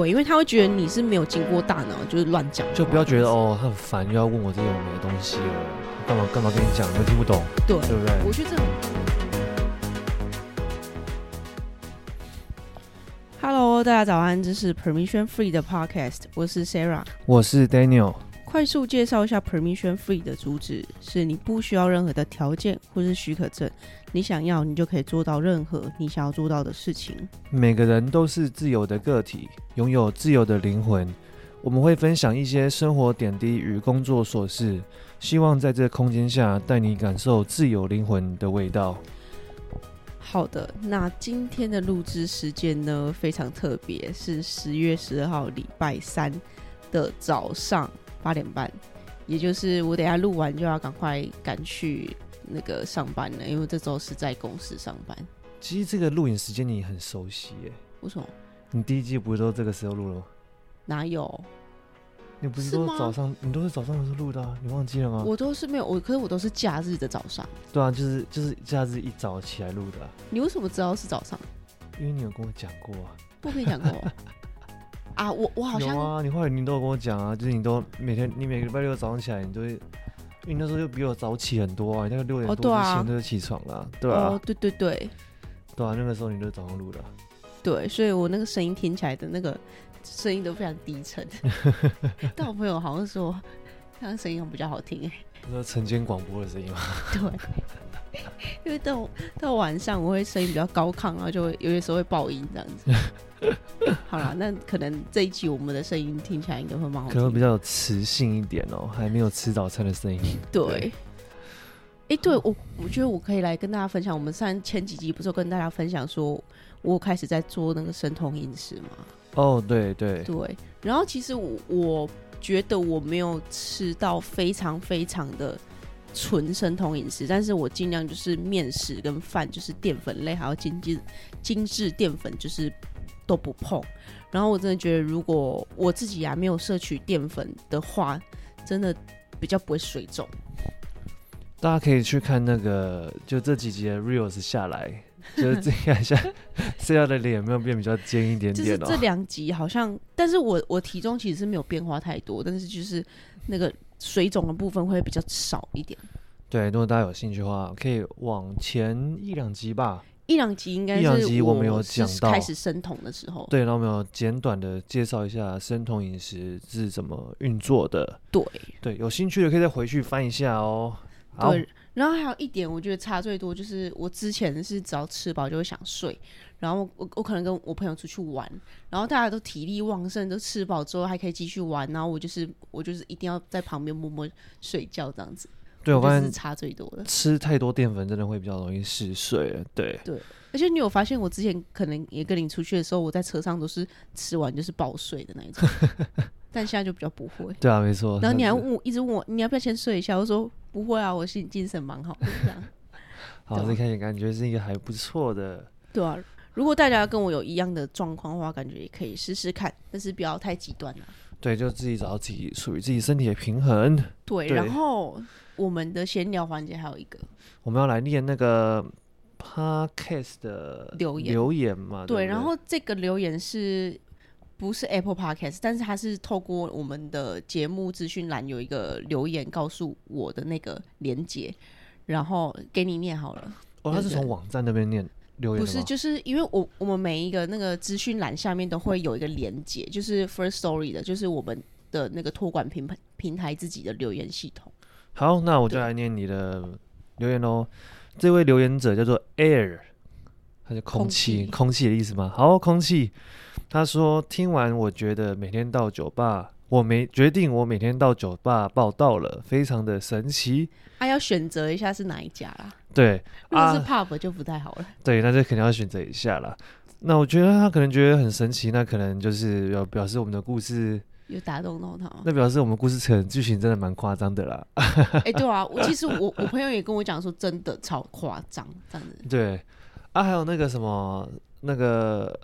對，因為他會覺得你是沒有經過大腦，就是亂講，就不要覺得哦，他很煩，又要問我這些有沒有東西哦，幹嘛幹嘛跟你講，你們聽不懂，對不對？對我去證明。Hello，大家早安，這是 Permission Free 的 Podcast，我是 Sara，我是 Daniel。快速介紹一下 Permission Free 的主旨，是你不需要任何的條件或是許可證，你想要你就可以做到任何你想要做到的事情。每個人都是自由的個體，擁有自由的靈魂。我們會分享一些生活點滴與工作瑣事，希望在這空間下帶你感受自由靈魂的味道。好的，那今天的錄制時間呢？非常特別，是十月十二號禮拜三的早上。八點半，也就是我等下錄完就要趕快趕去那個上班了，因為這週是在公司上班。其實這個錄影時間你很熟悉耶？為什麼？你第一季不是都這個時候錄了嗎？哪有？你不是說早上？是嗎？你都是早上的時候錄的啊？你忘記了嗎？我都是沒有，我可是我都是假日的早上。對啊，就是就是假日一早起來錄的啊。你為什麼知道是早上？因為你有跟我講過啊。不可以講過。 啊，我我好像有啊，你後來你都有跟我講啊，就是你都每天你每個禮拜六早上起來，你都是，因為那時候就比我早起很多啊，你大概六點多之前都是起床啊，哦、對啊，哦、啊啊，對對對，對啊，那個時候你都早上錄的，對，所以我那個聲音聽起來的那個聲音都非常低沉， 但我朋友好像說，那個 聲音比較好聽誒、欸，那是晨間廣播的聲音嗎？對。 因為到到晚上我會聲音比較高亢，然後就會有些時候會爆音這樣子、 欸。好啦，那可能這一集我們的聲音聽起來應該會蠻好，可能比較有磁性一點哦、喔。還沒有吃早餐的聲音。 對。哎對、欸，對，我我覺得我可以來跟大家分享。我們上前幾集不是有跟大家分享說，說我開始在做那個生酮飲食嘛？哦，對對對。然後其實我我覺得我沒有吃到非常非常的。純生酮飲食，但是我盡量就是面食跟飯，就是澱粉類，還有精精精致澱粉，就是都不碰。然後我真的覺得，如果我自己呀、啊、沒有攝取澱粉的話，真的比較不會水腫。大家可以去看那個，就這幾集的 reels 下來，就是看一下 Sara 的臉有沒有變比較尖一點點哦。這兩集好像，但是我我體重其實是沒有變化太多，但是就是那個。水腫的部分會比較少一點，對。如果大家有興趣的話，可以往前一兩集吧。一兩集應該是一兩集我們有講到開始生酮的時候，對。然後我們有簡短的介紹一下生酮飲食是怎麼運作的，對。對，有興趣的可以再回去翻一下哦。好。然後還有一點，我覺得差最多就是我之前是只要吃飽就會想睡，然後我，我可能跟我朋友出去玩，然後大家都體力旺盛，都吃飽之後還可以繼續玩，然後我就是，我就是一定要在旁邊默默睡覺這樣子。對，我發現是差最多的。吃太多澱粉真的會比較容易嗜睡。對對，而且你有發現我之前可能也跟你出去的時候，我在車上都是吃完就是爆睡的那種。 但現在就比較不會。對啊，沒錯。然後你還問我，一直問我你要不要先睡一下？我說不會啊，我心精神蠻好的。就是、這樣， 好，這看起來感覺是一個還不錯的。對啊，如果大家跟我有一樣的狀況的話，感覺也可以試試看，但是不要太極端了、啊。對，就自己找到自己屬於自己身體的平衡。對，對然後我們的閒聊環節還有一個，我們要來念那個 Podcast 的留言留言嘛？言對，然後這個留言是。不是 Apple Podcast，但是它是透過我們的節目資訊欄有一個留言告訴我的那個連接，然後給你念好了。哦，他是從網站那邊念留言，不是？就是因為我我們每一個那個資訊欄下面都會有一個連接， 就是 Firstory 的，就是我們的那個托管平台平台自己的留言系統。好，那我就來念你的留言嘍。對這位留言者叫做 Air，它是空氣，空氣氣的意思嗎？好，空氣。他說：“聽完，我覺得每天到酒吧，我沒決定，我每天到酒吧報到了，非常的神奇。他、啊、要選擇一下是哪一家啦？對，如果是 pub、啊、就不太好了。對，那就肯定要選擇一下了。那我覺得他可能覺得很神奇，那可能就是要表示我們的故事有打動到他，那表示我們故事成劇情真的蠻誇張的啦。哎、 欸，對啊，其實我我朋友也跟我講說，真的超誇張，這樣子對啊，還有那個什麼那個。”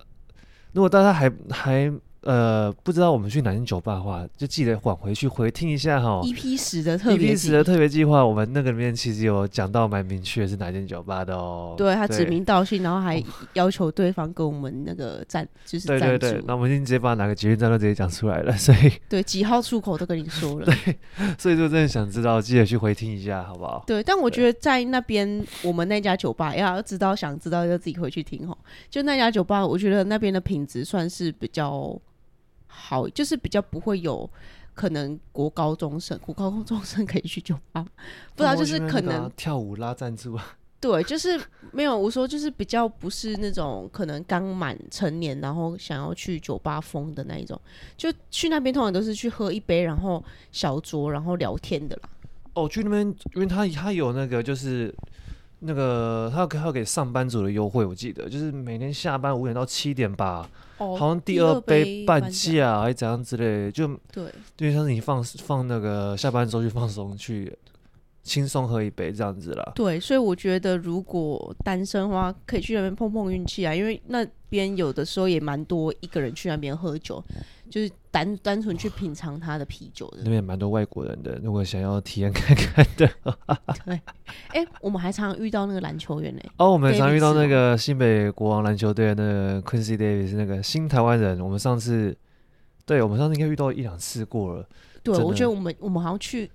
如果大家還還。呃，不知道我們去哪間酒吧的話，就記得緩回去回聽一下哈。EP10 的特別 EP10 的特別計劃，我們那個裡面其實有講到蠻明確是哪間酒吧的哦、喔。對，他指名道姓，對然後還要求對方跟我們那個站 就是。對對對，那我們已經直接把哪個捷運站都直接講出來了，所以對幾號出口都跟你說了。 對，所以就真的想知道，記得去回聽一下，好不好？對，但我覺得在那邊對我們那家酒吧，要知道想知道，要自己回去聽哈。就那家酒吧，我覺得那邊的品質算是比較。好，就是比較不會有，可能國高中生、國高、高中生可以去酒吧， 不知道就是可能，哦、跳舞拉贊助、啊。對，就是沒有。我說就是比較不是那種可能剛滿成年，然後想要去酒吧瘋的那一種，就去那邊通常都是去喝一杯，然後小酌，然後聊天的啦。哦，去那邊，因為他他有那個就是。那個他要給他要給上班族的優惠，我記得就是每天下班五點到七點吧，哦、好像第二杯半價，還是怎樣之類，就對，就像是你放放那個下班之後去放鬆去。輕鬆喝一杯這樣子啦。對，所以我覺得如果單身的話，可以去那邊碰碰運氣啊，因為那邊有的時候也蠻多一個人去那邊喝酒，嗯、就是單單純去品嘗他的啤酒的。那邊也蠻多外國人的，如果想要體驗看看的。對，哎、欸，我們還常常遇到那個籃球員呢、欸。哦，我們常遇到那個新北國王籃球隊那個 Quincy Davis，那個新台灣人。我們上次，對，我們上次應該遇到一兩次過了。對，我覺得我們我們好像去。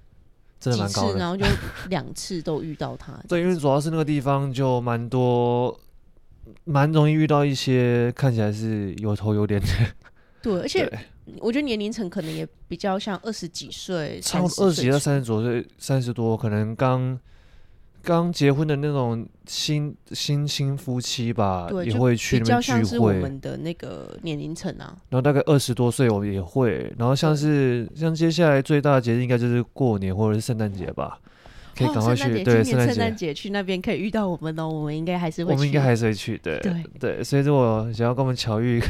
真的蠻高的幾次，然後就兩次都遇到他。 對，因為主要是那個地方就蠻多，蠻容易遇到一些看起來是有頭有臉的。對，而且對我覺得年齡層可能也比較像二十幾歲，差不多二十幾到三十多歲，三十多可能剛。剛結婚的那種新新新夫妻吧，對也會去那邊聚會。我們的那個年齡層啊。然後大概二十多歲，我也會。然後像是對像接下來最大的節日，應該就是過年或者是聖誕節吧，可以趕快去。哦、對，聖誕節去那邊可以遇到我們哦，我們應該還是會去。我們應該還是會去，對對對。所以如果想要跟我們巧遇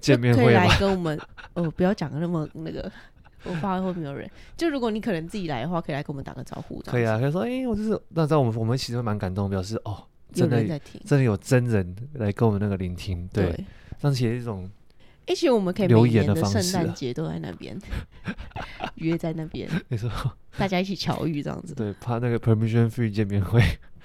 見面會可以來跟我們， 哦，不要講那麼那個。我怕會沒有人。就如果你可能自己來的話，可以來跟我們打個招呼。可以啊，可以說：“哎、欸，我就是。”那在我們我們其實蠻感動，表示哦，真的真的有真人來跟我們那個聆聽，對，讓起對一種、啊、一起我們可以留言的方式，聖誕節都在那邊 約在那邊，沒錯錯，大家一起巧遇這樣子。對，怕那個 permission free 見面會。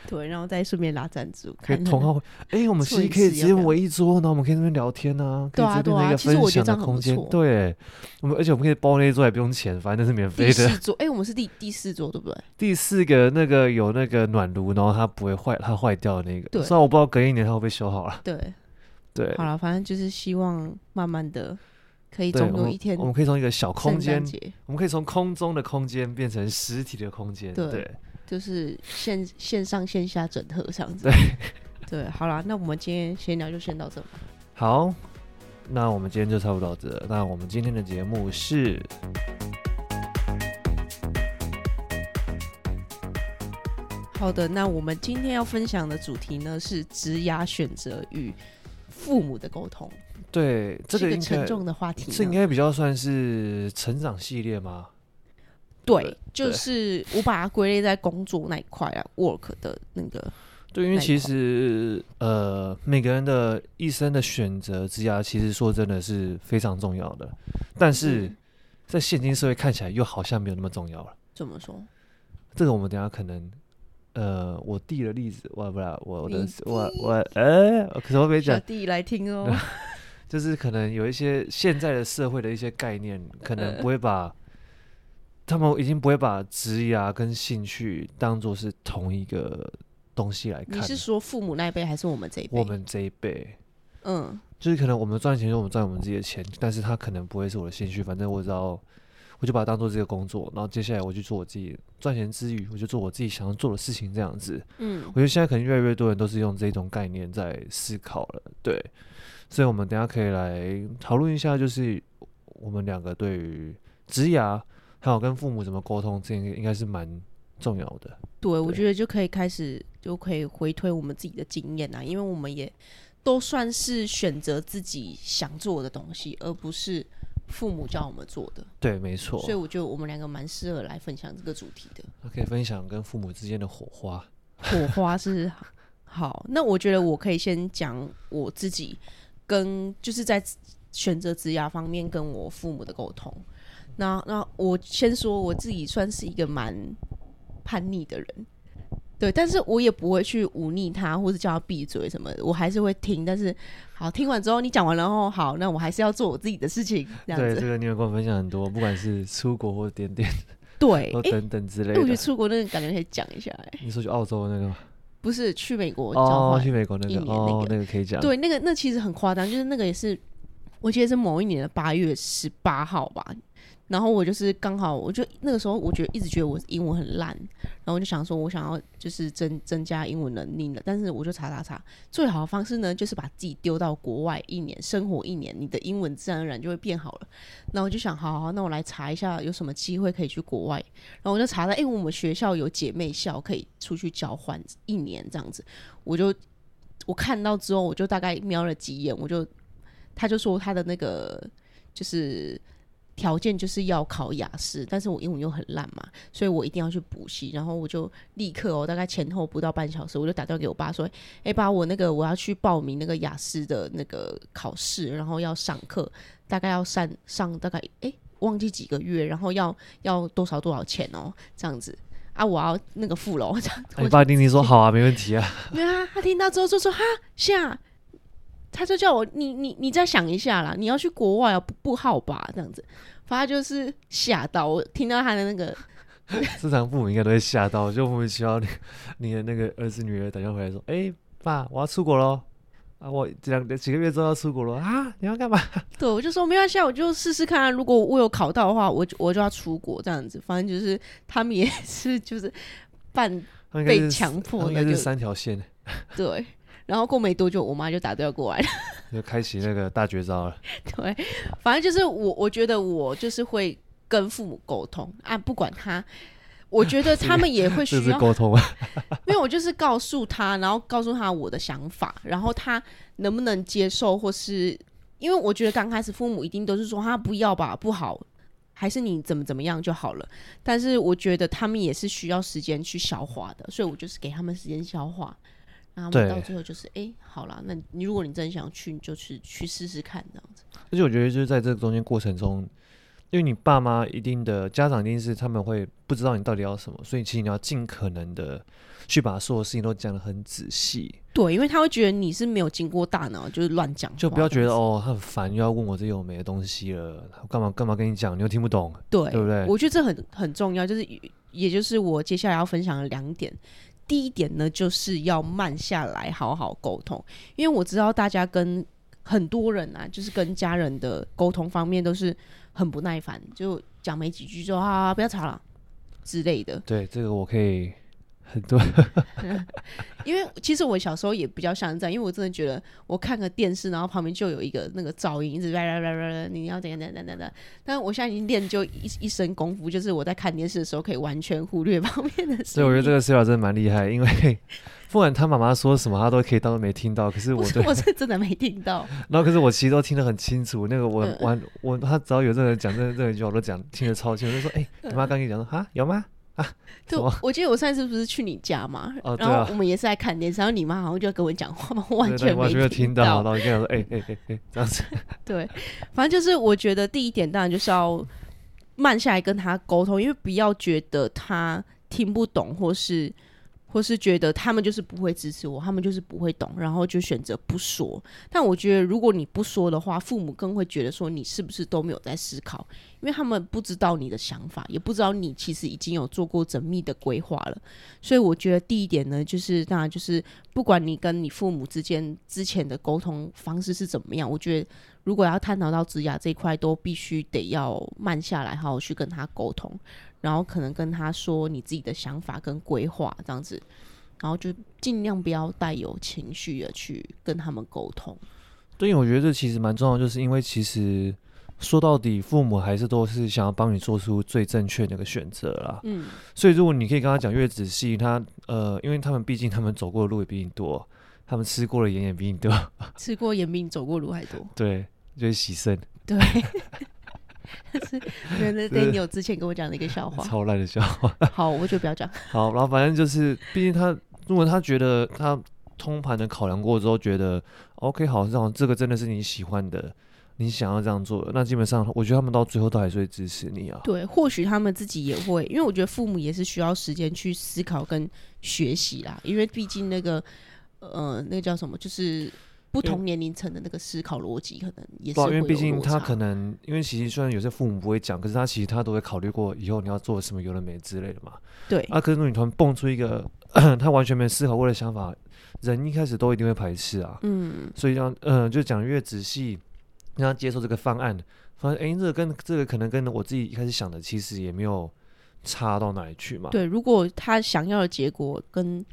對，然後再順便拉贊助，看看可以同好。哎、欸，我們是可以直接圍一桌，然後我們可以在那邊聊天啊，對啊對啊。分享的空間，對，我們而且我們可以包那一桌也不用錢，反正那是免費的。第四桌，哎、欸，我們是第第四桌，對不對？第四個那個有那個暖爐，然後它不會壞，它壞掉的那個。對雖然我不知道隔一年它會不會修好了。對，對，好了，反正就是希望慢慢的可以總有一天我，我們可以從一個小空間，三三我們可以從空中的空間變成實體的空間，對。對就是線線上線下整合這樣子，對， 對，好了，那我們今天閒聊就先到這好，那我們今天就差不多到這了。那我們今天的節目是好的。那我們今天要分享的主題呢是“職涯選擇與父母的溝通”。對，這個、是一個沉重的話題，這應該比較算是成長系列嗎？對，對就是我把它歸類在工作那一塊啊 ，work 的那個。對，因為其實呃，每個人的一生的選擇之下，其實說真的是非常重要的，但是、嗯、在現今社會看起來又好像沒有那麼重要了。怎麼說？這個我們等一下可能呃，我弟的例子，我也不知道我的聽我的我呃，欸、可是我沒講，我弟來聽哦、呃。就是可能有一些現在的社會的一些概念， 可能不會把。 他們已經不會把職涯跟興趣當做是同一個東西來看。你是說父母那一輩還是我們這一輩？我們這一輩，嗯，就是可能我們賺錢就我們賺我們自己的錢，但是他可能不會是我的興趣。反正我只要我就把它當做這個工作。然後接下來我去做我自己賺錢之餘，我就做我自己想要做的事情。這樣子，嗯，我覺得現在可能越來越多人都是用這種概念在思考了。對，所以我們等下可以來討論一下，就是我們兩個對於職涯。還有跟父母怎麼溝通，這應該是蠻重要的。對，對我覺得就可以開始，就可以回推我們自己的經驗啊，因為我們也都算是選擇自己想做的東西，而不是父母叫我們做的。對，沒錯。所以我覺得我們兩個蠻適合來分享這個主題的。啊，可以分享跟父母之間的火花。火花是好， 好，那我覺得我可以先講我自己跟就是在選擇職涯方面跟我父母的溝通。那那我先說我自己算是一個蠻叛逆的人，對，但是我也不會去忤逆他，或者叫他閉嘴什麼的，我還是會聽。但是好聽完之後，你講完然後好，那我還是要做我自己的事情。對，這個你有跟我分享很多，不管是出國或點點對，等等之類的。對，欸，欸，出國那個感覺可以講一下哎，欸。你說去澳洲那個嗎？不是，去美國哦，一年那個，去美國那個，那個，哦，那個可以講。對，那個那個，其實很誇張，就是那個也是，我記得是某一年的八月十八號吧。然後我就是剛好，我就那個時候，我覺得一直覺得我英文很爛，然後我就想說，我想要就是增增加英文能力了，但是我就查查查，最好的方式呢，就是把自己丟到國外一年，生活一年，你的英文自然而然就會變好了。然後我就想，好好好，那我來查一下有什麼機會可以去國外。然後我就查到，因為、欸、我們學校有姐妹校可以出去交換一年這樣子。我就我看到之後，我就大概瞄了幾眼，我就他就說他的那個就是。條件就是要考雅思，但是我英文又很爛嘛，所以我一定要去補習。然後我就立刻哦，大概前後不到半小時，我就打電話給我爸說：“哎、欸、爸，我那個我要去報名那個雅思的那個考試，然後要上課，大概要上上大概哎、欸、忘記幾個月，然後要要多少多少錢哦，這樣子啊，我要那個付了哦。這 樣就，哎、爸你爸聽聽說好啊， 沒問題啊。對啊，他聽到之後就說，說：“哈，下。他就叫我你你你再想一下啦，你要去國外啊，不不好吧，這樣子，反正就是嚇到，我聽到他的那個，正常父母應該都會嚇到， 就莫名其妙你，你的那個兒子女兒打電話回來說，哎、欸、爸，我要出國嘍啊，我兩幾、幾個月之後要出國了啊，你要幹嘛？對，我就說沒關係，我就試試看，啊，如果我有考到的話，我我就要出國這樣子，反正就是他們也是就是半被強迫的就，就是，是三條線， 對。然後過沒多久，我媽就打電話過來了，就開啟那個大絕招了。 對，反正就是我，我覺得我就是會跟父母溝通啊，不管他，我覺得他們也會需要是溝通， 因為我就是告訴他，然後告訴他我的想法，然後他能不能接受，或是因為我覺得剛開始父母一定都是說他不要吧，不好，還是你怎麼怎麼樣就好了。但是我覺得他們也是需要時間去消化的，所以我就是給他們時間消化。他、啊、們到最後就是，哎對、欸，好了，那你如果你真想去，你就去去試試看這樣子。而且我覺得就是在這個中間過程中，因為你爸媽一定的家長一定是他們會不知道你到底要什麼，所以其實你要盡可能的去把所有事情都講得很仔細。對，因為他會覺得你是沒有經過大腦就是亂講，就不要覺得哦他很煩又要問我這有沒的東西了，我幹嘛幹嘛跟你講你又聽不懂，對，對不對？我覺得這很很重要，就是也就是我接下來要分享的兩點。第一點呢，就是要慢下來，好好溝通。因為我知道大家跟很多人啊，就是跟家人的溝通方面都是很不耐煩，就講沒幾句就啊，不要吵了之類的。對，這個我可以。很多 嗯，因為其實我小時候也比較像這樣，因為我真的覺得我看個電視，然後旁邊就有一個那個噪音一直來來來來來，你要怎樣怎樣怎樣怎樣？但是我現在已經練就一一身功夫，就是我在看電視的時候可以完全忽略旁邊的事。所以我覺得這個 Sara 真的蠻厲害，因為不管他媽媽說什麼，他都可以當做沒聽到。可是我就，是我是真的沒聽到，然後可是我其實都聽得很清楚。那個我、嗯、我我他只要有這個講這個嗯、這一句，我都講聽得超清楚。就說哎，欸嗯、你媽剛跟你講說哈、啊、有嗎？就、啊，我記得我上次不是去你家嘛，哦啊、然後我們也是在看電視，然後你媽好像就要跟我講話嘛，完全，我完全沒有聽到，然後就跟他說，哎哎哎這樣子。 對，反正就是我覺得第一點當然就是要慢下來跟他溝通，因為不要覺得他聽不懂或是。或是覺得他們就是不會支持我，他們就是不會懂，然後就選擇不說。但我覺得，如果你不說的話，父母更會覺得說你是不是都沒有在思考，因為他們不知道你的想法，也不知道你其實已經有做過縝密的規劃了。所以，我覺得第一點呢，就是當然就是不管你跟你父母之間之前的溝通方式是怎麼樣，我覺得如果要探討到職涯這一塊，都必須得要慢下來，好好去跟他溝通。然後可能跟他說你自己的想法跟規劃這樣子，然後就盡量不要帶有情緒的去跟他們溝通。對，我覺得這其實蠻重要，就是因為其實說到底，父母還是都是想要幫你做出最正確的一個選擇啦。嗯，所以如果你可以跟他講越仔細，他呃，因為他們畢竟他們走過的路也比你多，他們吃過的鹽也比你多，吃過鹽比你走過的路還多，對，就是犧牲，對。 但是，原來對你有之前跟我講的一個笑話，超爛的笑話。 好，我就不要講。好，然後反正就是，畢竟他如果他覺得他通盤的考量過之後，覺得 OK，好，這樣這個真的是你喜歡的，你想要這樣做，那基本上我覺得他們到最後都還是會支持你啊。對，或許他們自己也會，因為我覺得父母也是需要時間去思考跟學習啦，因為畢竟那個呃，那個叫什麼，就是。不同年齡層的那個思考邏輯，嗯、可能也是因為畢竟他可能，因為其實雖然有些父母不會講，可是他其實他都會考慮過以後你要做什麼有了沒之類的嘛。對，他、啊、可能你突然蹦出一個他完全沒有思考過的想法，人一開始都一定會排斥啊。嗯，所以讓呃，就講越仔細，讓他接受這個方案，反正哎，這個跟這個可能跟我自己一開始想的，其實也沒有差到哪裡去嘛。對，如果他想要的結果跟。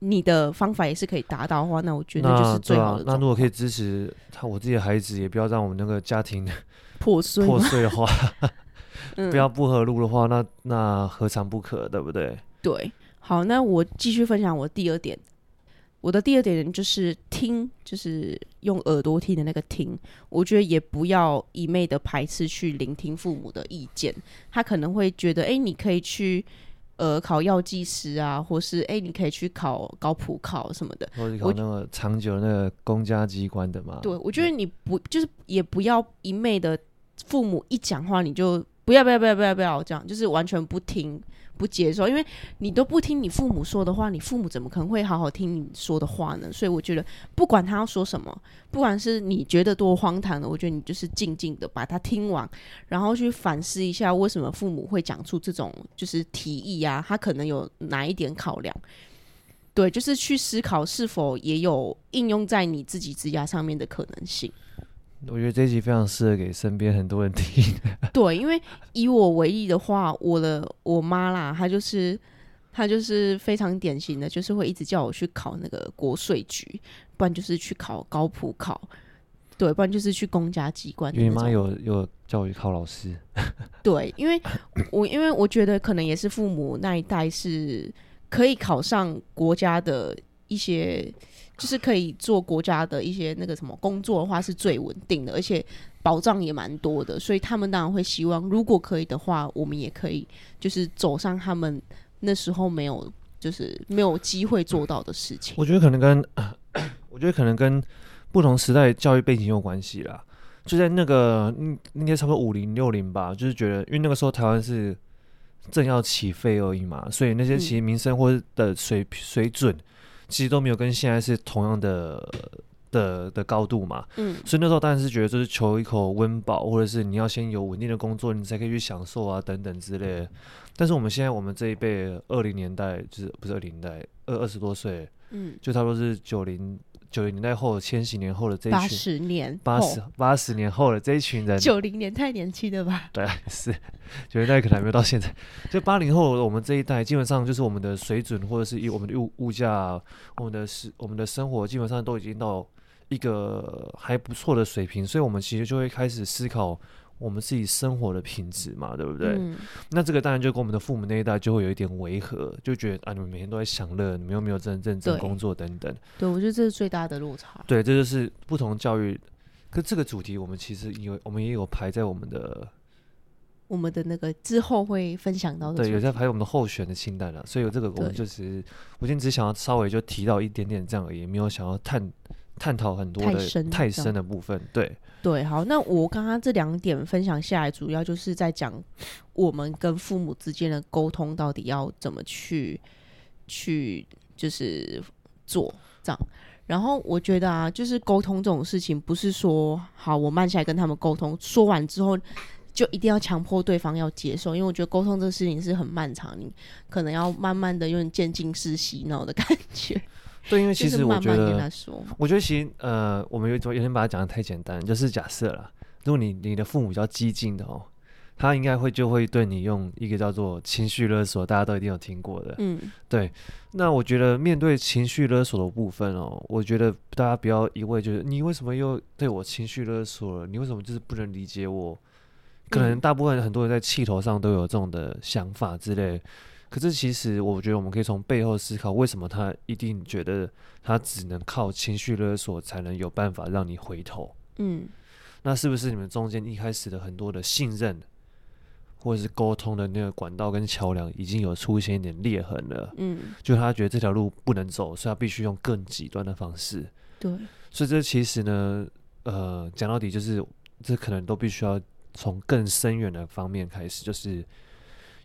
你的方法也是可以達到的話，那我覺得就是最好的。那對、啊。那如果可以支持他，我自己的孩子也不要讓我們那個家庭破碎、破碎化，不要不合路的話，那那何嘗不可，對不對？對，好，那我繼續分享我第二點。我的第二點就是聽，就是用耳朵聽的那個聽。我覺得也不要一昧的排斥去聆聽父母的意見，他可能會覺得，哎、欸，你可以去。呃，考藥劑師啊，或是誒、欸，你可以去考高普考什麼的，或是考那個長久的那個公家機關的嘛。對，我覺得你不就是也不要一昧的，父母一講話你就。不要不要不要不要不要！我這樣就是完全不聽、不接受，因為你都不聽你父母說的話，你父母怎麼可能會好好聽你說的話呢？所以我覺得，不管他要說什麼，不管是你覺得多荒唐的，我覺得你就是靜靜的把它聽完，然後去反思一下為什麼父母會講出這種就是提議啊，他可能有哪一點考量。對，就是去思考是否也有應用在你自己職涯上面的可能性。我覺得這一集非常適合給身邊很多人聽。對，因為以我為例的話，我的我媽啦，她就是，她就是非常典型的，就是會一直叫我去考那個國稅局，不然就是去考高普考，對，不然就是去公家機關。你媽有有教育考老師？對，因為我因為我覺得可能也是父母那一代是可以考上國家的一些。就是可以做國家的一些那個什麼工作的話是最穩定的，而且保障也蠻多的，所以他們當然會希望，如果可以的話，我們也可以就是走上他們那時候沒有，就是沒有機會做到的事情。我覺得可能跟、呃、我覺得可能跟不同時代的教育背景有關係啦。就在那個那那些差不多五零六零吧，就是覺得因為那個時候台灣是正要起飛而已嘛，所以那些其實民生或者的水、嗯、水準。其實都沒有跟現在是同樣的的的高度嘛，嗯，所以那時候當然是覺得就是求一口溫飽，或者是你要先有穩定的工作，你才可以去享受啊等等之類。但是我們現在我們這一輩二零年代就是不是二零年代二二十多歲，嗯，就差不多是九零。九零年代後的、千禧年後的這一群，八十年後、八十八十年後的這一群人，九零年太年輕了吧？對，是九零代可能還沒有到現在。 就八零後我們這一代，基本上就是我們的水準，或者是以我們的物物價、啊、我們的是我們的生活，基本上都已經到一個還不錯的水平。所以，我們其實就會開始思考。我們是以生活的品質嘛，對不對？嗯、那這個當然就跟我們的父母那一代就會有一點違和，就覺得啊，你們每天都在享樂，你們又沒有真正真正工作等等對。對，我覺得這是最大的落差。對，這就是不同教育。可這個主題，我們其實為我們也有排在我們的、我們的那個之後會分享到的。對，有在排我們的候選的清單了，所以有這個，我們就是對我今天只想要稍微就提到一點點這樣而已，也沒有想要探。探討很多的太深，太深的部分，對對，好，那我剛剛這兩點分享下來，主要就是在講我們跟父母之間的溝通到底要怎麼去去就是做這樣。然後我覺得啊，就是溝通這種事情，不是說好我慢下來跟他們溝通，說完之後就一定要強迫對方要接受，因為我覺得溝通這個事情是很漫長，可能要慢慢的用漸進式洗腦的感覺。對，因為其實我覺得，慢慢我覺得其實，呃，我們有昨天把它講得太簡單，就是假設了，如果你你的父母比較激進的哦，他應該會就會對你用一個叫做情緒勒索，大家都一定有聽過的，嗯，對。那我覺得面對情緒勒索的部分哦，我覺得大家不要一味就是你為什麼又對我情緒勒索了？你為什麼就是不能理解我？嗯、可能大部分很多人在氣頭上都有這種的想法之類。可是，其實我覺得我們可以從背後思考，為什麼他一定覺得他只能靠情緒勒索才能有辦法讓你回頭？嗯，那是不是你們中間一開始的很多的信任，或者是溝通的那個管道跟橋樑已經有出現一點裂痕了？嗯，就他覺得這條路不能走，所以他必須用更極端的方式。對，所以這其實呢，呃，講到底就是這可能都必須要從更深遠的方面開始，就是。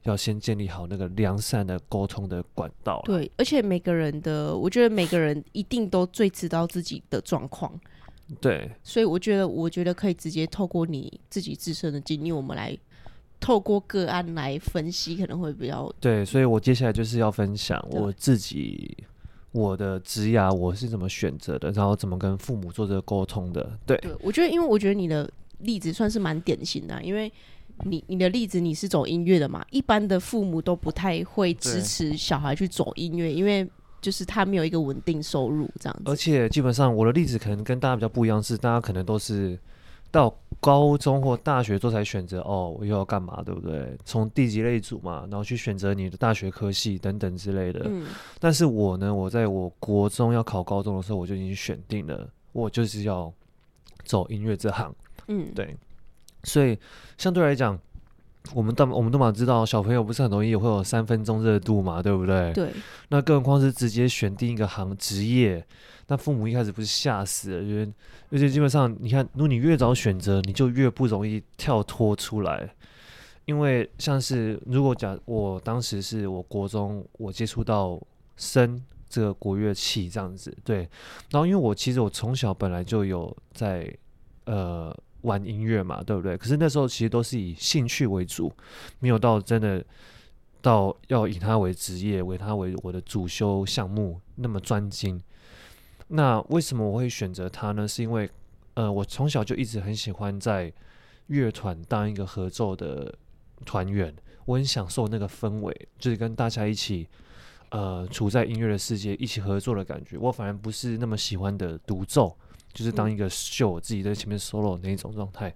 要先建立好那個良善的溝通的管道。對，而且每個人的，我覺得每個人一定都最知道自己的狀況。 對，所以我覺得，我覺得可以直接透過你自己自身的經歷，我們來透過個案來分析，可能會比較對。所以我接下來就是要分享我自己對我的職涯，我是怎麼選擇的，然後怎麼跟父母做這個溝通的。對，對我覺得，因為我覺得你的例子算是蠻典型的，因為。你你的例子你是走音樂的嘛？一般的父母都不太會支持小孩去走音樂，對因為就是他沒有一個穩定收入這樣子。而且基本上我的例子可能跟大家比較不一樣是，是大家可能都是到高中或大學都才選擇哦，我又要幹嘛，對不對？從第幾類組嘛，然後去選擇你的大學科系等等之類的。嗯。但是我呢，我在我國中要考高中的時候，我就已經選定了，我就是要走音樂這行。嗯，對。所以相對來講，我們都我們都嘛知道小朋友不是很容易會有三分鐘熱度嘛，對不對？對。那更何況是直接選定一個行職業，那父母一開始不是嚇死了？因為而且基本上，你看，如果你越早選擇，你就越不容易跳脫出來。因為像是如果假，我當時是我國中，我接觸到笙這個國樂器這樣子，對。然後因為我其實我從小本來就有在呃。玩音樂嘛，對不對？可是那時候其實都是以興趣為主，沒有到真的到要以它為職業、為它為我的主修項目那麼專精。那為什麼我會選擇它呢？是因為，呃，我從小就一直很喜歡在樂團當一個合奏的團員，我很享受那個氛圍，就是跟大家一起，呃，處在音樂的世界，一起合作的感覺。我反而不是那麼喜歡的獨奏，就是當一個秀，自己在前面 solo 那一種狀態。嗯、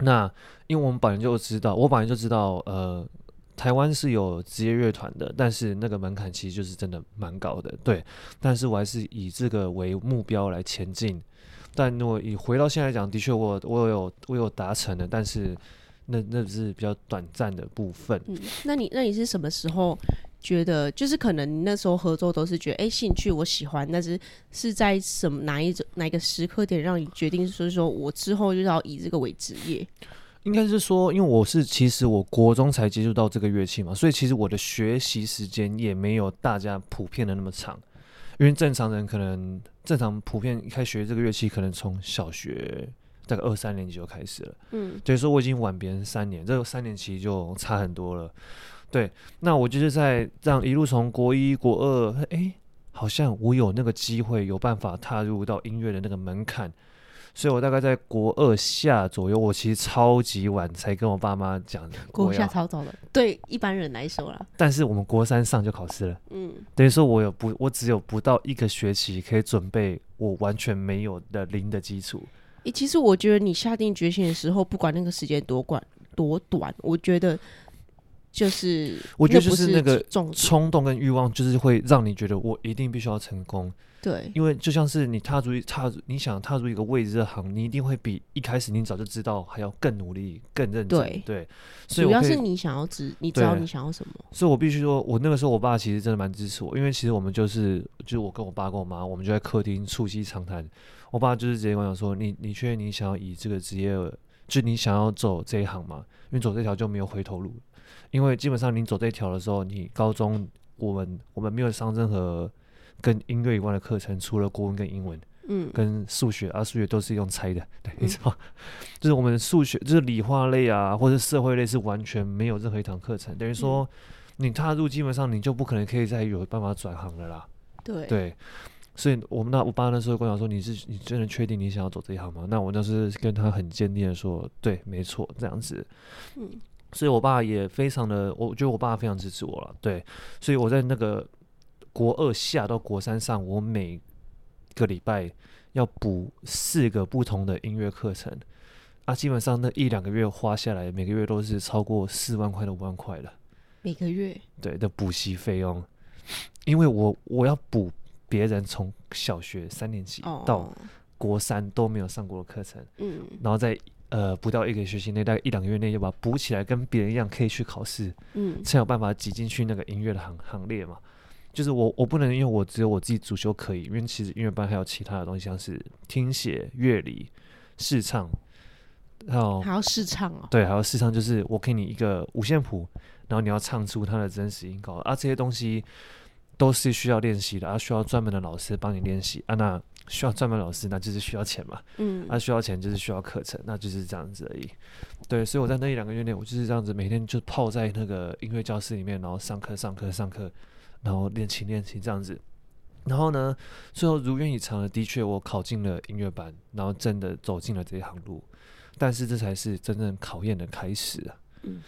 那因為我們本來就知道，我本來就知道，呃，台灣是有職業樂團的，但是那個門檻其實就是真的蠻高的，對。但是我還是以這個為目標來前進。但我以回到現在講，的確我我有我有達成了，但是那那只是比較短暫的部分。嗯，那你那你是什麼時候？覺得就是可能那時候合作都是覺得哎、欸、興趣我喜歡，但是是在什麼哪一種哪一個時刻點讓你決定，就是說我之後就要以這個為職業。應該是說，因為我是其實我國中才接觸到這個樂器嘛，所以其實我的學習時間也沒有大家普遍的那麼長。因為正常人可能正常普遍一開始學這個樂器可能從小學大概二三年級就開始了，嗯，等於說我已經晚別人三年，這個三年其實就差很多了。對，那我就是在這樣一路從國一、國二，哎，好像我有那個機會，有辦法踏入到音樂的那個門檻。所以我大概在國二下左右，我其實超級晚才跟我爸媽講。國二下超早了，對一般人來說啦。但是我們國三上就考試了。嗯，等於說，我有不，我只有不到一個學期可以準備，我完全沒有的零的基礎。誒、欸，其實我覺得你下定決心的時候，不管那個時間多短多短，我覺得。就是，我覺得就是那個衝動跟慾望，就是會讓你覺得我一定必須要成功。對，因為就像是你踏足一踏入你想踏入一個未知的行，你一定會比一開始你早就知道還要更努力、更認真。對，對，所以，以主要是你想要知，你知道對你想要什麼。所以我必須說，我那個時候我爸其實真的蠻支持我，因為其實我們就是就是我跟我爸跟我媽，我們就在客廳促膝長談。我爸就是直接跟我講說：“你你確定你想要以這個職業，就你想要走這一行嗎？因為走這條就沒有回頭路。”因為基本上你走這一條的時候，你高中我們我們沒有上任何跟音樂有關的課程，除了國文跟英文，嗯，跟數學啊，數學都是用猜的，對，沒錯、嗯，就是我們數學就是理化類啊，或者社會類是完全沒有任何一堂課程，等於說你踏入基本上你就不可能可以再有辦法轉行的啦，嗯、對，對，所以我們那我爸那時候跟我說，你是你真的確定你想要走這一行嗎？那我就是跟他很堅定的說，對，沒錯，這樣子，嗯。所以，我爸也非常的，我覺得我爸非常支持我了。對，所以我在那個國二下到國三上，我每個禮拜要補四個不同的音樂課程，啊，基本上那一兩個月花下來，每個月都是超過四萬塊到五萬塊了。每個月？對的，補習費用，因為我我要補別人從小學三年級到國三都沒有上過的課程，哦、嗯，然後再。呃，不到一個學期內，大概一兩個月內，要把補起來，跟別人一樣可以去考試。嗯，才有辦法擠進去那個音樂的行行列嘛。就是我，我不能因為我只有我自己主修可以，因為其實音樂班還有其他的東西，像是聽寫、樂理、試唱。還有還要試唱哦。對，還要試唱，就是我給你一個五線譜，然後你要唱出它的真實音高啊。這些東西都是需要練習的，啊，需要專門的老師幫你練習。啊，那。需要專門老師，那就是需要錢嘛。嗯。那、啊、需要錢就是需要課程，那就是這樣子而已。對，所以我在那一兩個月內，我就是這樣子，每天就泡在那個音樂教室裡面，然後上課、上課、上課，然後練琴、練琴這樣子。然後呢，最後如願以償的，的確我考進了音樂班，然後真的走進了這一行路。但是這才是真正考驗的開始啊。嗯。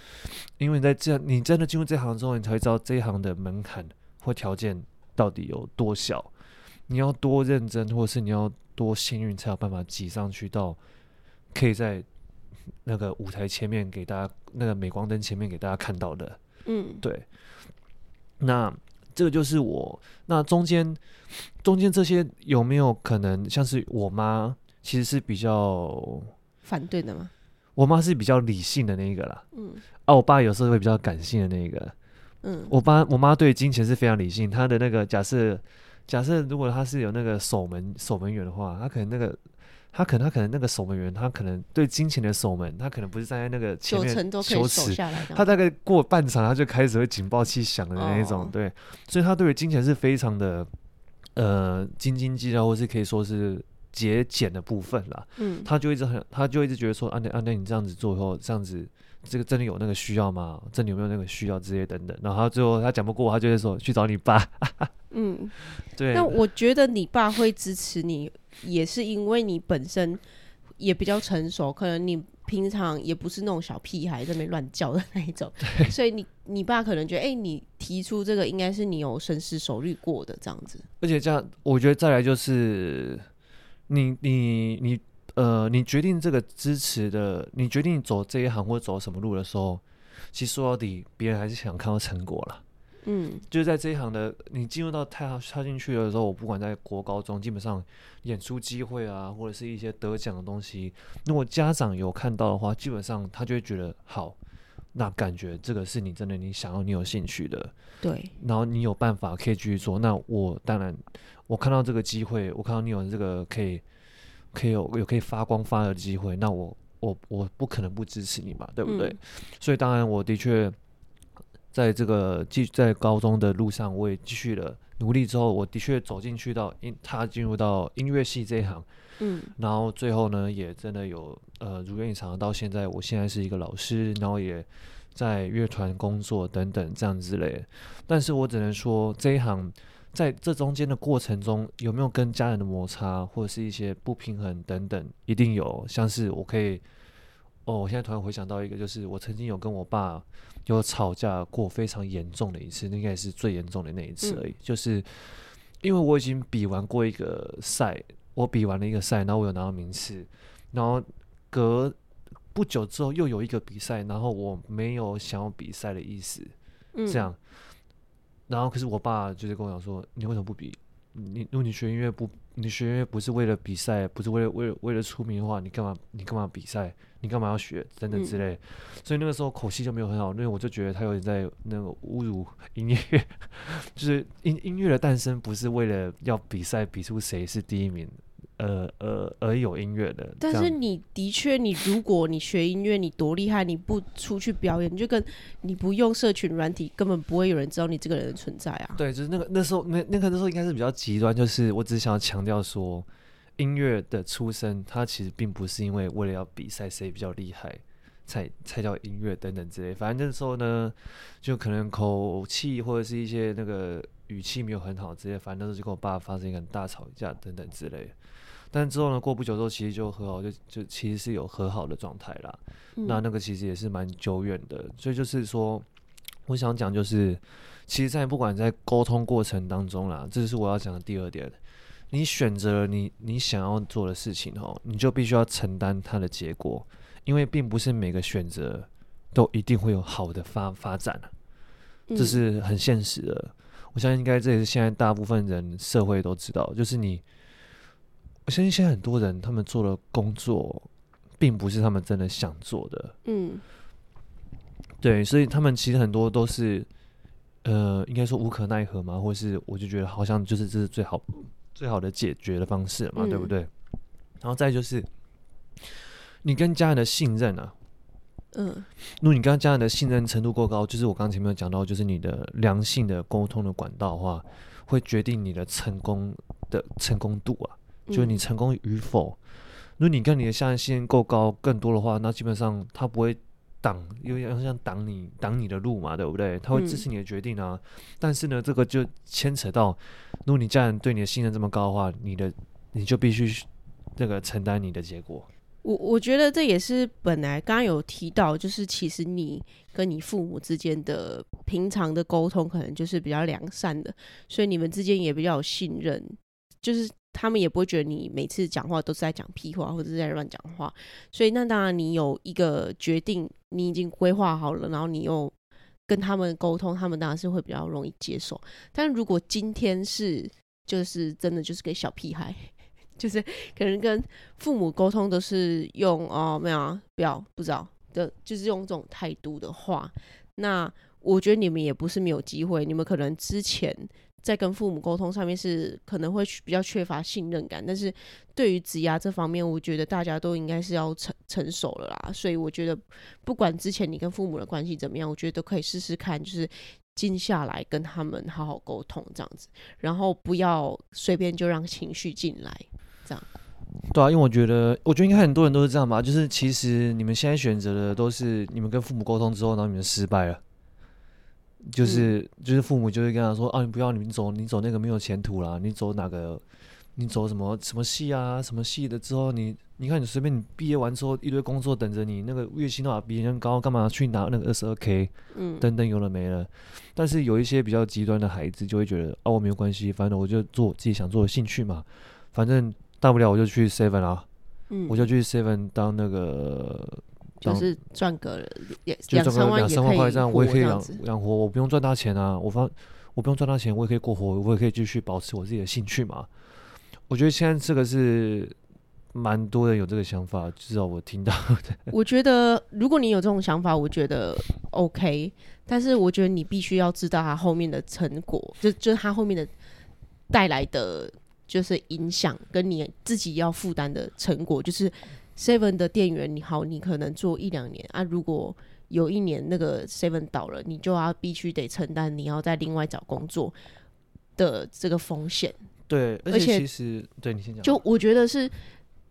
因為你在這樣，你真的進入這行之後，你才會知道這一行的門檻或條件到底有多小。你要多認真，或是你要多幸運，才有辦法擠上去到可以在那個舞台前面給大家、那個鎂光燈前面給大家看到的。嗯，對。那這個就是我。那中間中間這些有沒有可能像是我媽其實是比較反對的嗎？我媽是比較理性的那一個啦。嗯。啊，我爸有時候會比較感性的那一個。嗯。我爸我媽對金錢是非常理性，他的那個假設。假設如果他是有那個守門守門員的話，他可能那個，他可能他可能那個守門員，他可能對金錢的守門，他可能不是站在那個前面守持，九成都可以守下來，他大概過半場他就開始會警報器響的那種，哦、對，所以他對於金錢是非常的呃斤斤計較，或是可以說是節儉的部分啦，嗯、他就一直很，他就一直覺得說，安、啊、德你這樣子做以後，這樣子。這個真的有那個需要嗎？真的有沒有那個需要？之類等等，然後他最後他講不過，他就會說去找你爸。 嗯，對。那我覺得你爸會支持你，也是因為你本身也比較成熟，可能你平常也不是那種小屁孩在那邊亂叫的那一種，對所以你你爸可能覺得，哎、欸，你提出這個應該是你有深思熟慮過的這樣子。而且這樣，我覺得再來就是你你你。你你呃，你決定這個支持的，你決定走這一行或者走什麼路的時候，其實說到底，別人還是想看到成果啦。嗯，就是在這一行的，你進入到太行插進去的時候，我不管在國高中，基本上演出機會啊，或者是一些得獎的東西，如果家長有看到的話，基本上他就會覺得好，那感覺這個是你真的你想要你有興趣的。對，然後你有辦法可以繼續做，那我當然我看到這個機會，我看到你有這個可以。可以有有可以發光發熱的機會，那我我我不可能不支持你嘛，對不對？嗯、所以當然我的確在這個繼在高中的路上，我也繼續了努力之後，我的確走進去到音，他進入到音樂系這一行，嗯，然後最後呢也真的有呃如願以償，到現在我現在是一個老師，然後也在樂團工作等等這樣之類的，但是我只能說這一行。在這中間的過程中，有沒有跟家人的摩擦或者是一些不平衡等等？一定有。像是我可以，哦，我現在突然回想到一個，就是我曾經有跟我爸有吵架過非常嚴重的一次，應該也是最嚴重的那一次而已。嗯。就是因為我已經比完過一個賽，我比完了一個賽，然後我有拿到名次，然後隔不久之後又有一個比賽，然後我沒有想要比賽的意思，這樣。嗯。然後，可是我爸就是跟我講說：“你為什麼不比？你如果你學音樂不，你學音樂不是為了比賽，不是為了為了為了出名的話，你幹嘛？你幹嘛比賽？你幹嘛要學？等等之類。”嗯，所以那個時候口氣就沒有很好，因為我就覺得他有點在那個侮辱音樂，就是音音樂的誕生不是為了要比賽，比出誰是第一名。呃呃而、而有音樂的，但是你的確，你如果你學音樂， 你多厲害，你不出去表演，你就跟你不用社群軟體，根本不會有人知道你這個人的存在啊。對，就是那個那時候那那個那時候應該是比較極端，就是我只是想要強調說，音樂的出身，它其實並不是因為為了要比賽誰比較厲害才才叫音樂等等之類的。反正那時候呢，就可能口氣或者是一些那個語氣沒有很好之類，反正那時候就跟我爸發生一個大吵架等等之類的。但之後呢，過不久之後，其實就和好，就就其實是有和好的狀態啦。嗯、那那個其實也是蠻久遠的，所以就是說，我想講就是，其實在不管在溝通過程當中啦，這是我要講的第二點。你選擇了你你想要做的事情哦，你就必須要承擔它的結果，因為並不是每個選擇都一定會有好的發發展啊、嗯、這是很現實的。我相信應該這也是現在大部分人社會都知道，就是你。我相信現在很多人，他們做的工作，並不是他們真的想做的。嗯，對，所以他們其實很多都是，呃，應該說無可奈何嘛，或是我就覺得好像就是這是最好最好的解決的方式嘛，嗯、對不對？然後再就是，你跟家人的信任啊，嗯，如果你跟家人的信任程度過高，就是我剛前面有講到，就是你的良性的溝通的管道的話，會決定你的成功的成功度啊。就是你成功與否，嗯、如果你看你的相信夠高，更多的話，那基本上他不會擋，因為好像擋你擋你的路嘛，對不對？他會支持你的決定啊。嗯、但是呢，這個就牽扯到，如果你家人對你的信任這麼高的話，你的你就必須這個承擔你的結果。我我覺得這也是本來剛剛有提到，就是其實你跟你父母之間的平常的溝通可能就是比較良善的，所以你們之間也比較有信任，就是。他們也不會覺得你每次講話都是在講屁話，或者是在亂講話。所以，那當然你有一個決定，你已經規劃好了，然後你又跟他們溝通，他們當然是會比較容易接受。但如果今天是就是真的就是個小屁孩，就是可能跟父母溝通都是用哦，沒有啊，不要，不知道的，就是用這種態度的話，那我覺得你們也不是沒有機會，你們可能之前，在跟父母溝通上面是可能會比較缺乏信任感，但是對於職涯這方面，我覺得大家都應該是要成成熟了啦。所以我覺得，不管之前你跟父母的關係怎麼樣，我覺得都可以試試看，就是靜下來跟他們好好溝通這樣子，然後不要隨便就讓情緒進來這樣。對啊，因為我覺得，我覺得應該很多人都是這樣吧，就是其實你們現在選擇的都是你們跟父母溝通之後，然後你們失敗了。就是、嗯、就是父母就會跟他說，啊，你不要，你走你走那個沒有前途啦，你走哪個，你走什麼什麼系啊，什麼系的之後，你你看你隨便，你畢業完之後一堆工作等着你，那個月薪那比人高，幹嘛去拿那個二十二 K？等等有了沒了。嗯、但是有一些比較極端的孩子就會覺得，啊，我沒有關係，反正我就做我自己想做的興趣嘛，反正大不了我就去 seven 啦、啊，嗯、我就去 seven 當那個。當就是賺個兩兩三萬，兩三萬塊這樣，也這樣我也可以養養活，我不用賺大錢啊。我方，我不用賺大錢，我也可以過活，我也可以繼續保持我自己的興趣嘛。我覺得現在這個是蠻多人有這個想法，至少我聽到的。我覺得如果你有這種想法，我覺得 OK，但是我覺得你必須要知道他後面的成果，就，就是他後面的帶來的就是影響，跟你自己要負擔的成果，就是。seven 的店員你好，你可能做一兩年啊。如果有一年那個 seven 倒了，你就要必須得承擔你要再另外找工作的這個風險。對，而且其實且對你先講，就我覺得是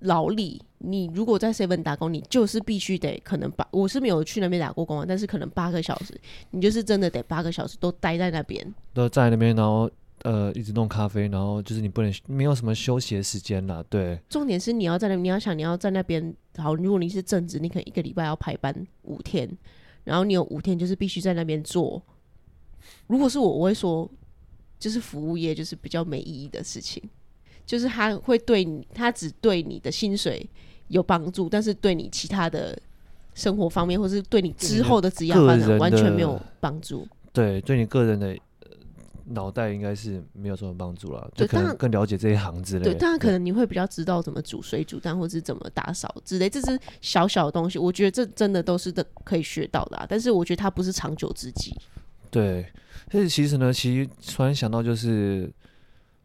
勞力。你如果在 seven 打工，你就是必須得可能八，我是沒有去那邊打過工啊，但是可能八個小時，你就是真的得八個小時都待在那邊，都在那邊，然後。呃，一直弄咖啡，然後就是你不能沒有什麼休息的時間了。對，重點是你要在那，你要想你要在那邊。好，如果你是正職，你可能一個禮拜要排班五天，然後你有五天就是必須在那邊做。如果是我，我會說，就是服務業就是比較沒意義的事情，就是他會對你，他只對你的薪水有幫助，但是對你其他的生活方面，或是對你之後的職業發展完全沒有幫助。對，對你個人的。腦袋應該是沒有什麼幫助了，對就當然更了解這一行之類。對，對，對，當然可能你會比較知道怎麼煮水煮蛋，或者是怎麼打掃之類，這只小小的東西。我覺得這真的都是的可以學到的，啊，但是我覺得它不是長久之計。對，但是其實呢，其實突然想到就是，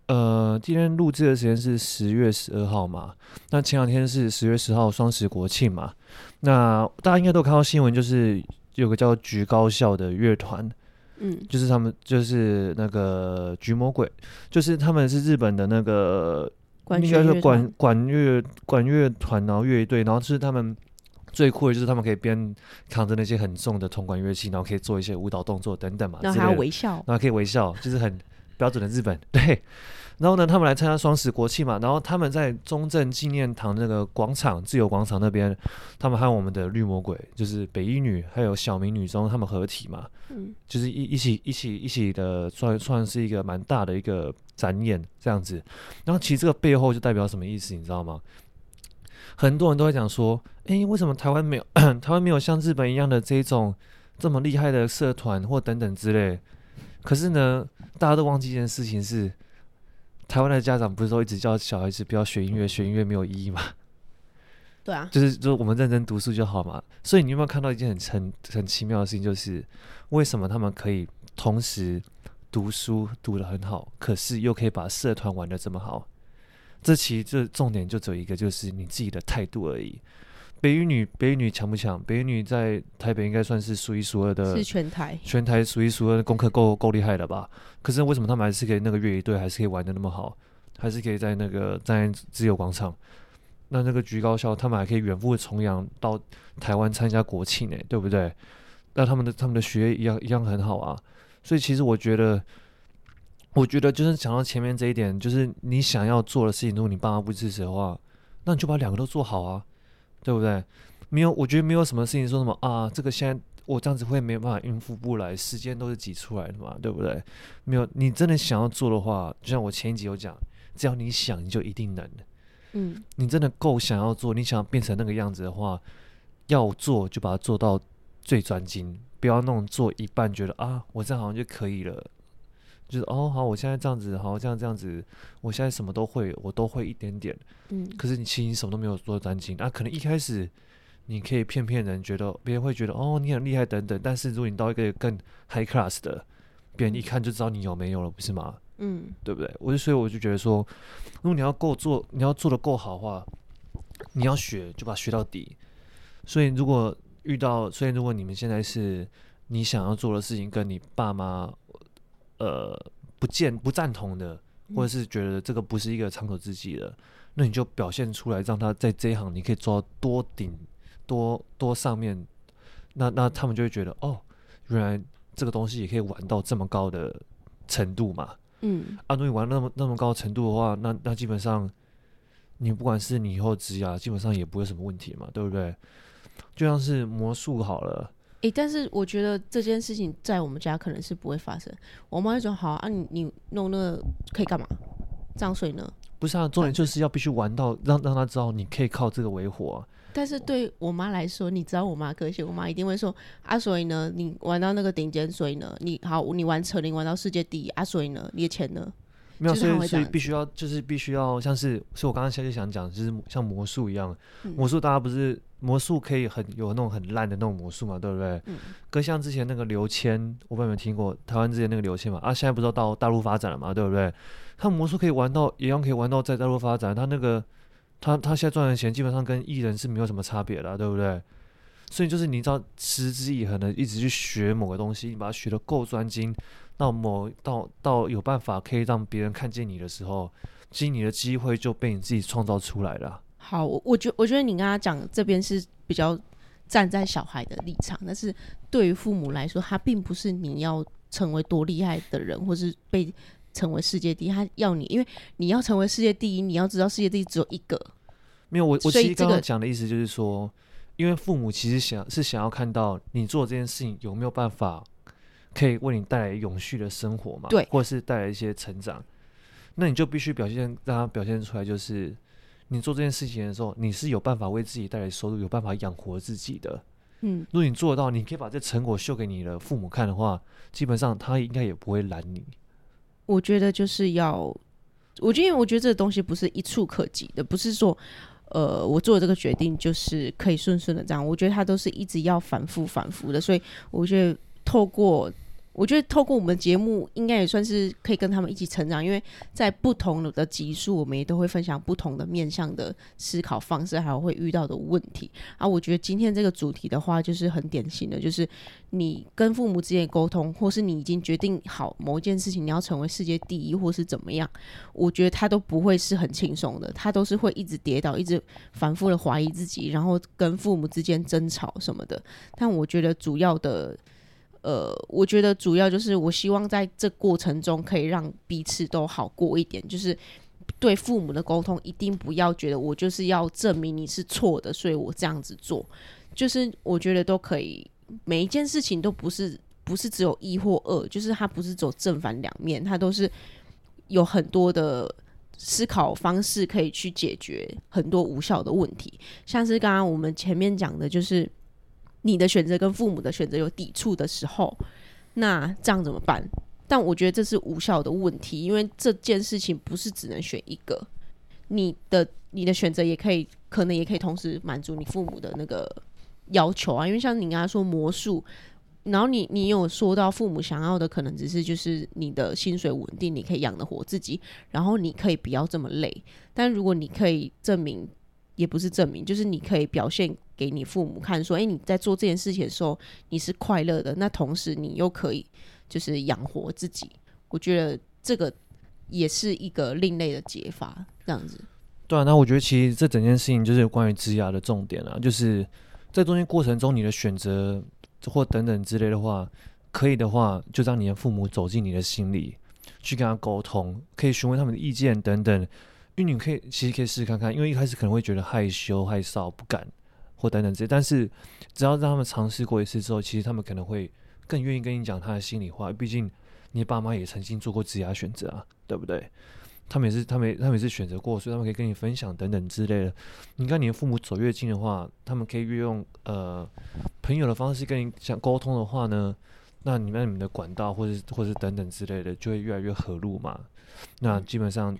呃，今天錄製的時間是十月十二號嘛，那前兩天是十月十號，雙十國慶嘛，那大家應該都看到新聞，就是有個叫橘高校的樂團。嗯， 就是他們，就是那個橘魔鬼，就是他們是日本的那個，應該是管管樂管樂團，然後樂隊，然後就是他們最酷的就是他們可以邊扛着那些很重的銅管樂器，然後可以做一些舞蹈動作等等嘛，然後還可以微笑，然後可以微笑，就是很標準的日本，對。然後呢，他們來參加雙十國慶嘛，然後他們在中正紀念堂那個廣場、自由廣場那邊，他們和我們的綠魔鬼，就是北一女還有曉明女中，他們合體嘛，嗯、就是一一起、一起、一起的，算算是一個蠻大的一個展演這樣子。然後其實這個背後就代表什麼意思，你知道嗎？很多人都會講說，哎，為什麼台灣沒有台灣沒有像日本一樣的這種這麼厲害的社團或等等之類？可是呢，大家都忘記一件事情是。台灣的家長不是說一直叫小孩子不要學音樂，學音樂沒有意義嗎？對啊，就是說我們認真讀書就好嘛。所以你有沒有看到一件很很，很奇妙的事情，就是為什麼他們可以同時讀書讀得很好，可是又可以把社團玩得這麼好？這其實這重點就只有一個，就是你自己的態度而已。北一女，北一女強不強？北一女在台北應該算是數一數二的，是全台全台數一數二，功課夠夠，夠厲害了吧？可是為什麼他們還是可以那個樂儀隊，還是可以玩得那麼好，還是可以在那個在自由廣場？那那個橘高校，他們還可以遠赴重洋到台灣參加國慶呢、欸，對不對？那他們的他們的學業一樣一樣很好啊。所以其實我覺得，我覺得就是講到前面這一點，就是你想要做的事情，如果你爸媽不支持的話，那你就把兩個都做好啊。對不對？沒有，我覺得沒有什麼事情說什麼啊，這個現在我這樣子會沒有辦法應付不來，時間都是擠出來的嘛，對不對？沒有，你真的想要做的話，就像我前一集有講，只要你想，你就一定能。嗯，你真的夠想要做，你想要變成那個樣子的話，要做就把它做到最專精，不要那種做一半覺得啊，我這樣好像就可以了。就是哦，好，我現在這樣子，好，這樣這樣子，我現在什麼都會，我都會一點點。嗯、可是你其實什麼都沒有做專精啊。可能一開始你可以騙騙人，覺得別人會覺得哦，你很厲害等等。但是如果你到一個更 high class 的，別人一看就知道你有沒有了，不是嗎？嗯，對不對？我就所以我就覺得說，如果你要夠做，你要做得夠好的話，你要學就把學到底。所以如果遇到，所以如果你們現在是你想要做的事情，跟你爸媽。呃，不見不贊同的，或者是覺得這個不是一個長久之計的，嗯、那你就表現出來，讓他在這一行你可以做到多頂多多上面，那那他們就會覺得，嗯、哦，原來這個東西也可以玩到這麼高的程度嘛。嗯，啊，如果你玩那麼那麼高程度的話，那那基本上你不管是你以後職業、啊，基本上也不會有什麼問題嘛，對不對？就像是魔術好了。誒、欸，但是我覺得這件事情在我們家可能是不會發生。我媽就說：“好啊你，你你弄那個可以幹嘛？這樣所以呢？不是啊，重點就是要必須玩到，讓讓她知道你可以靠這個維火、啊。”但是對我媽來說，你知道我媽個性，我媽一定會說：“啊，所以呢，你玩到那個頂尖所以呢？你好，你玩扯鈴，你玩到世界第一啊，所以呢，你的錢呢？沒有、啊，所以所以必須要就是必須要像是，是我剛剛先想講，就是像魔術一樣，嗯、魔術大家不是。”魔術可以很有那種很爛的那種魔術嘛，對不對？嗯。像之前那個劉謙，我不知道你們聽過台灣之前那個劉謙嘛？啊，現在不知道到大陸發展了嘛，對不對？他魔術可以玩到，一樣可以玩到在大陸發展。他那個，他他現在賺的錢基本上跟藝人是沒有什麼差別的啊，對不對？所以就是你知道，持之以恆的一直去學某個東西，你把它學得夠專精，那某到到有辦法可以讓別人看見你的時候，經你的機會就被你自己創造出來了啊。好，我我覺我覺得你跟他講這邊是比較站在小孩的立場，但是對於父母來說，他並不是你要成為多厲害的人，或是被成為世界第一。他要你，因為你要成為世界第一，你要知道世界第一只有一個。沒有我，我其實剛剛講的意思就是說，這個、因為父母其實想是想要看到你做這件事情有沒有辦法可以為你帶來永續的生活嘛？對，或是帶來一些成長。那你就必須表現，讓他表現出來，就是。你做這件事情的時候，你是有辦法為自己帶來收入，有辦法養活自己的。嗯，如果你做得到，你可以把這成果秀給你的父母看的話，基本上他應該也不會攔你。我覺得就是要，我覺得，因為我覺得這個東西不是一蹴可及的，不是說，呃，我做這個決定就是可以順順的這樣。我覺得他都是一直要反復反復的，所以我覺得透過。我覺得透過我們節目，應該也算是可以跟他們一起成長，因為在不同的集數，我們也都會分享不同的面向的思考方式，還有會遇到的問題。啊，我覺得今天這個主題的話，就是很典型的，就是你跟父母之間溝通，或是你已經決定好某一件事情，你要成為世界第一，或是怎麼樣，我覺得他都不會是很輕鬆的，他都是會一直跌倒，一直反覆的懷疑自己，然後跟父母之間爭吵什麼的。但我覺得主要的。呃，我覺得主要就是我希望在這過程中可以讓彼此都好過一點。就是對父母的溝通，一定不要覺得我就是要證明你是錯的，所以我這樣子做。就是我覺得都可以，每一件事情都不是不是只有一或二，就是它不是走正反兩面，它都是有很多的思考方式可以去解決很多無效的問題。像是剛剛我們前面講的，就是。你的選擇跟父母的選擇有抵觸的時候，那這樣怎麼辦？但我覺得這是無效的問題，因為這件事情不是只能選一個，你的你的選擇也可以，可能也可以同時滿足你父母的那個要求啊。因為像你剛才說魔術，然後你你有說到父母想要的，可能只是就是你的薪水穩定，你可以養得活自己，然後你可以不要這麼累。但如果你可以證明。也不是證明，就是你可以表現給你父母看，說，哎、欸，你在做這件事情的時候，你是快樂的，那同時你又可以就是養活自己，我覺得這個也是一個另類的解法，這樣子。對啊，那我覺得其實這整件事情就是關於職涯的重點啊，就是在中間過程中你的選擇或等等之類的話，可以的話就讓你的父母走進你的心裡，去跟他溝通，可以詢問他們的意見等等。因為你可以其實可以試試看看，因為一開始可能會覺得害羞、害臊、不敢或等等這些，但是只要讓他們嘗試過一次之後，其實他們可能會更願意跟你講他的心裡話。畢竟你爸媽也曾經做過自己的選擇啊，對不對？他們也是，他們他們也是選擇過，所以他們可以跟你分享等等之類的。你跟你的父母走越近的話，他們可以越用呃朋友的方式跟你講溝通的話呢，那你們你們的管道或者或者等等之類的就會越來越合路嘛。那基本上。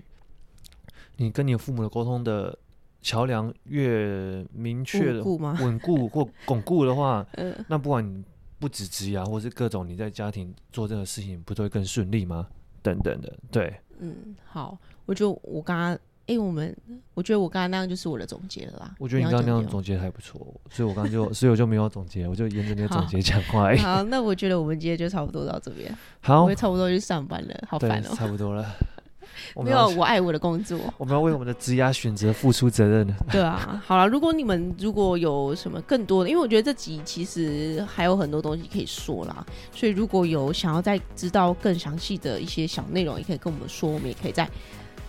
你跟你父母的溝通的橋梁越明確、穩固或鞏固的話， 呃、那不管你不止職涯、啊，或是各種你在家庭做這個事情，不就會更順利嗎？等等的，對。嗯，好，我覺得我剛剛，哎、欸，我們，我覺得我剛剛那樣就是我的總結了啦。我覺得你剛剛那樣總結還不錯，所以我剛剛就，所以我就沒有總結，我就沿着你的總結講話好。好，那我覺得我們今天就差不多到這邊。好，我也差不多去上班了，好煩哦、喔。差不多了。 沒有，沒有，我愛我的工作。我們要為我們的職涯選擇付出責任。 對啊，好了，如果你們如果有什麼更多的，因為我覺得這集其實還有很多東西可以說啦，所以如果有想要再知道更詳細的一些小內容，也可以跟我們說，我們也可以再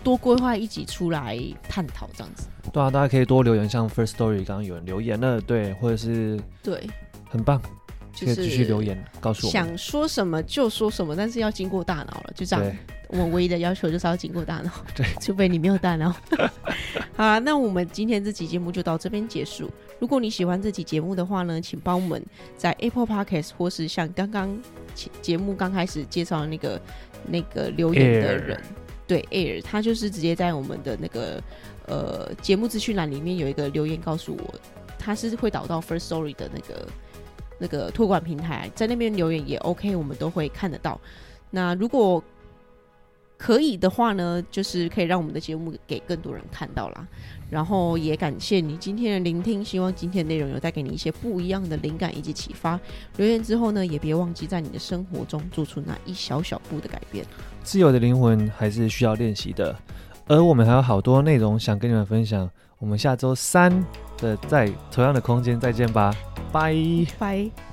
多規劃一集出來探討這樣子。對啊，大家可以多留言，像 First Story 剛剛有人留言了，對，或者是對，很棒。就是繼續留言告訴我，想說什麼就說什麼，但是要經過大腦了,了。就這樣，對我唯一的要求就是要經過大腦，對除非你沒有大腦。 好，那我們今天這期節目就到這邊結束。如果你喜歡這期節目的話呢，請幫我們在 Apple Podcast 或是像剛剛節目剛開始介紹的那個那個留言的人，Air 對 Air，他就是直接在我們的那個呃節目資訊欄裡面有一個留言告訴我，他是會導到 First Story 的那個。那個托管平台在那邊留言也 OK，我們都會看得到。那如果可以的話呢，就是可以讓我們的節目給更多人看到啦。然後也感謝你今天的聆聽，希望今天的內容有帶給你一些不一樣的靈感以及啟發。留言之後呢，也別忘記在你的生活中做出那一小小步的改變。自由的靈魂還是需要練習的，而我們還有好多內容想跟你們分享。我們下周三。的、呃，在同樣的空間再見吧，拜拜。